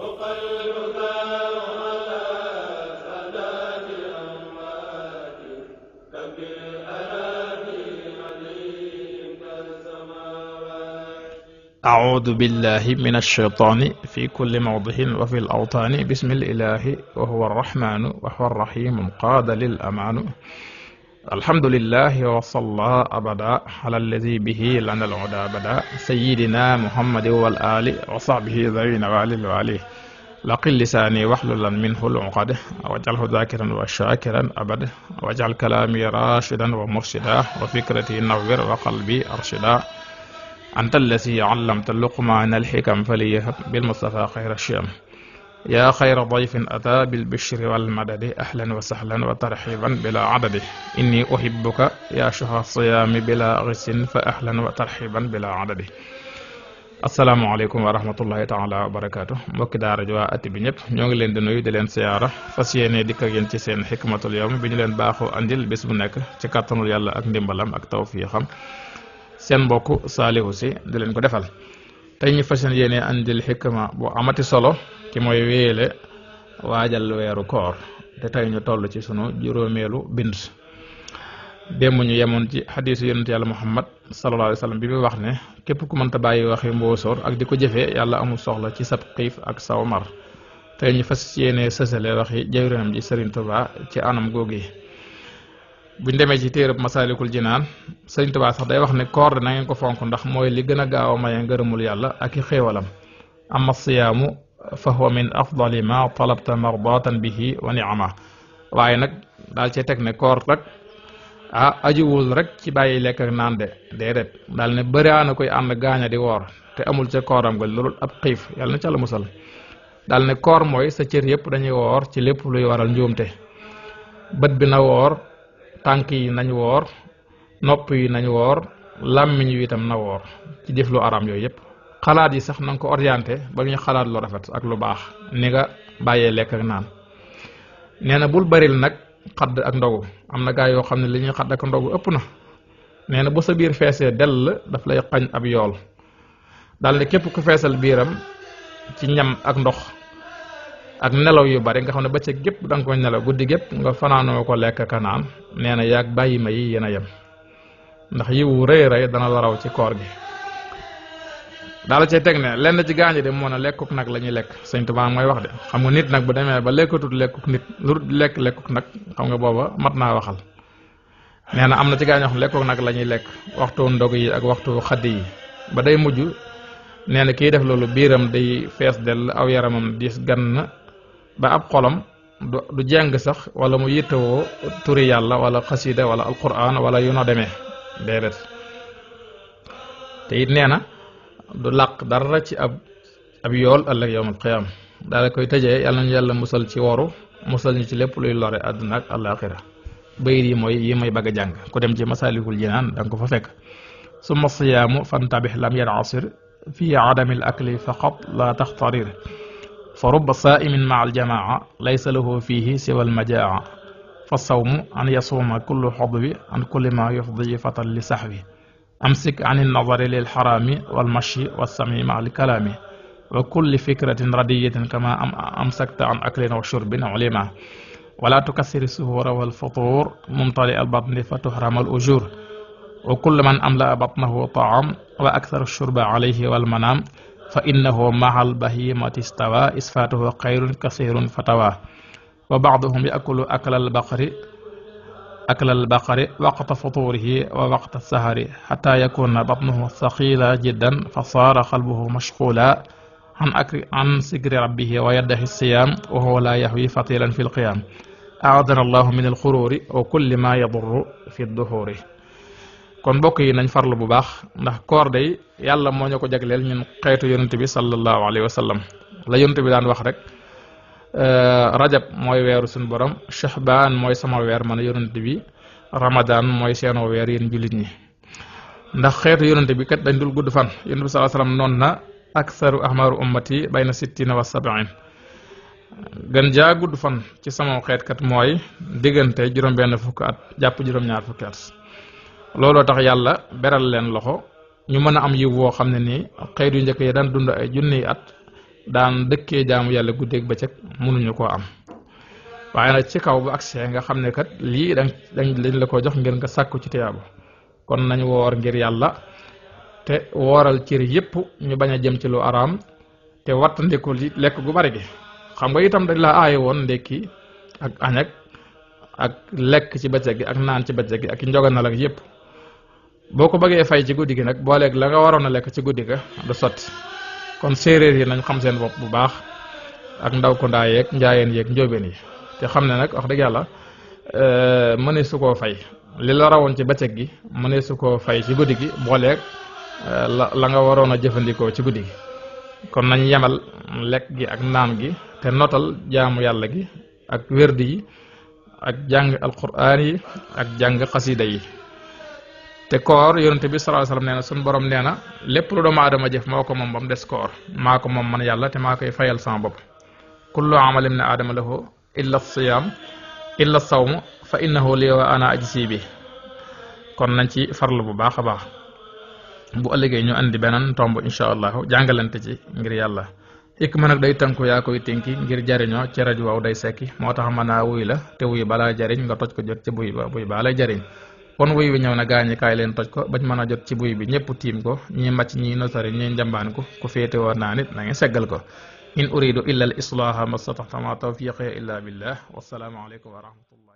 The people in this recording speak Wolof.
أعوذ بالله من الشيطان في كل موضع وفي الأوطان بسم الإله وهو الرحمن وهو الرحيم قاد للأمان alhamdulillahi wa salla abada ala allazi bihi lana al huda abada sayidina muhammadin wal ali wa sahbihi zawina walil wali laqil lisaani waxlulan minhu luqad wajalhu zakiran wa shakiran abad wajal kalaami rashidan wa murshida wa fikrati nawwir wa qalbi arshida anta allazi allamta luqmaana alxikam faliyahab bilmustafa xayra shiyam yaa xayra dayfin ata bilbichri walmadadi ahlan wa sahlan wa tarxiban bila adadi inni uhibbuka yaa shahra siyaami bila gisin fa ahlan wa tarxiban bila adadi asalaamaaleykum wa rahmatullahi taala wa barakaatu mbokki daara ji waa ati bi ñëpp ñoo ngi leen di nuyu di leen siyaara fas yéene dikk ak yéen ci seen xikmatul yawm bi ñu leen baaxoo andil bés bu nekk ci kàttanul yàlla ak ndimbalam ak tawfiixam seen mbokk Saalihu Si di leen ko defal tey ñu fas yéene andil xikma bu amati solo ci mooy wéele waajal weeru koor te tey ñu toll ci sunu juróomeelu bind démb ñu yemoon ci xadiisu yonent yàlla muhammad sallallahu alayhi bi mu wax ne képp ku mënta bàyyi wax waxi mbóosóor ak di ko jëfee yàlla amul soxla ci sab xiif ak saw mar tey ñu fas yéene sësale waxi jawrinam ji Sëriñ Tuubaa ci anam googu yi buñ demee ci téerab masaalikul jinaan Sëriñ Tuubaa sax day wax ne koor de na ngeen ko fonk ndax mooy li gën a gaaw a maye ngërëmul yàlla ak i xéewalam fa huwa min afdali ma talabta mardatan bihi wa niama waaye nag daal cee teg ne koor rek ah ajiwul rek ci bàyyi lekk ak naan de déedéet daal ne bëriwaane koy ànd gaaña di woor te amul ca kooram ga loolu ab xiif yàlla na ca la musal daal ne koor mooy sa cër yëpp dañuy woor ci lépp luy waral njuumte bët bi na woor tànk yi nañ woor nopp yi nañ woor làmmiñ wi itam na woor ci jëf lu araam yooyu yëpp xalaat yi sax na nga ko orienté ba ñu xalaat lu rafet ak lu baax ni nga bàyyee lekk ak naan nee na bul baril nag xadd ak ndogu am na gaa yoo xam ne li ñuy xadd ak ndogu ëpp na nee na bu sa biir feesee dell daf lay xañ ab yool dal ne képp ku feesal biiram ci ñam ak ndox ak nelaw yu bari nga xam ne bëccëg gépp da nga ko nelaw guddi gépp nga fanaanoo ko lekk ka naan nee na yaag bàyyi ma yi yéen a yem ndax yiwu rëy rëy dana la raw ci koor gi daal cay teg ne lenn ci gaañu de moo ne lekkuk nag lañuy lekk sëñ Tuubaa mooy wax de xam nga nit nag bu demee ba lekkatut lekkuk nit lu lekk lekkuk nag xam nga booba mat naa waxal nee na am na ci gaañoo xam lekkuk nag la ñuy lekk waxtu ndog yi ak waxtu xadd yi ba day mujj nee na kii def loolu biiram day fees dell aw yaramam diis gann ba ab xolam du du jàng sax wala mu yittewoo turi yàlla wala xasida wala alquran wala yu noo demee déedéet te it nee du làq dara ci ab ab yool ëllëg yowmal qiyaam daal koy tëjee yàlla nañu yàlla musal ci woru musal ñu ci lépp luy lore àdduna ak àllaaxira bayit yi mooy yi may bëgg a jàng ku dem ci masaalikul jinaan danga ko fa fekk summa siyaamu fantabih lam yanasir fi adamil akli faqat la taxtarir fa ruba saaimin maa aljamaa laysa lahu fihi siwa almajaa fa sawmu an yasuuma kullu xodwi an kulli ma yufdi fatan li saxwi amsik an ilnadari lilxarami walmashi walsamim an lkalaami wa kulli fikratin radiyatin kama amsakta an aklin wa shurbin ulima wala tukassiri suhura walfutur mumtali albatni fa tuhrama alujur wa kullu man amlaa batnahu taam wa akthara shurba alayhi walmanam fa innahu maha albahimati stawa isfatuhu xayrun kasirun fatawa wa baaduhum yakulu akla albaqari aklal baqari waqta futurihi wa waqta sahari xataa yakuna batnuhu saqiila jiddan fa saara xalbuhu mashquula an akri an sikri rabbihi wa yaddaxi siyaam wa huwa laa yaxwi fatilan fi lqiyaam aadana allahu min alxururi wa kulli ma yadurru fi duhuri kon mbokk yi nañ farlu bu baax ndax koor day yàlla moo ñu ko jagleel ñun xeetu yonent bi sallallahu alayhi wa sallam la yonent bi daan wax rek Euh, rajab mooy weeru suñu borom shahbaan mooy sama weer man yonent bi ramadaan mooy seenoo weer yéen jullit ñi ndax xeetu yonent bi kat dañ dul gudd fan yonent bi sallallahu alayhi wasallam na aksaru ahmaru wa sab'in gën jaa gudd fan ci sama xeet kat mooy diggante juróom-benn fukki at jàpp juróom-ñaar fukki at looloo tax yàlla beral leen loxo ñu mën a am yiw woo xam ne nii xeet yu njëkk yi daan dund ay junniy at daan dëkkee jaamu yàlla guddeeg bëccëg mënuñu koo am waaye nag ci kaw bu agsee nga xam ne kat lii dañ dañ la ko jox ngir nga sàkku ci tiyaabu kon nañ woor ngir yàlla te wooral cër yépp ñu bañ a jëm ci lu araam te wattandiku li lekk gu bari gi xam nga itam dañ la aaye woon ndekki ak añ ak lekk ci bëccëg gi ak naan ci bëccëg gi ak njoganal ak yépp boo ko bëggee fay ci guddi gi nag booleeg la nga waroon a lekk ci guddi ga du sotti kon séeréer yi nañ xam seen bopp bu baax ak ndaw ko ndaa yeeg njaayeen yeeg njóobeen yi te xam ne nag wax dëgg yàlla euh, mënee su koo fay li la rawoon ci bëccëg gi mënee su koo fay ci guddi gi booleeg euh, la la nga waroon a jëfandikoo ci guddi gi kon nañ yemal lekk gi ak naan gi te notal jaamu yàlla gi ak wérdi yi ak jàng alquraan yi ak jàng xasida yi te koor yonent bi sallallahu alayhi wasallam nee borom nee na lépp lu doomu aadama jëf moo ko moom ba des koor maa ko moom man yàlla te maa koy fayal sama bopp kullu amalin ne aadama lahu illa siyaam illa sawmu fa innahu li wa ana ajsi bi kon nañ ci farlu bu baax a baax bu ëllëgee ñu indi beneen tomb incha allah jàngalante ci ngir yàlla ma nag day tënku yaa koy tënki ngir jariñoo ci rajo waaw day sekki moo tax ma naa wuy la te wuy balaa jariñ nga toj ko jot ci buy ba buy balaa jariñ kon wuy wi ñëw na gaañi kaay leen toj ko bañ mën a jot ci buy bi ñëpp tiim ko ñi màcc ñi nosari ñi njambaan ko ku féete war naa nit na ngeen seggal ko in uridu illa al islaaha ma stataxtama tawfiqi illa billah wassalaamu aleykum wa rahmatullah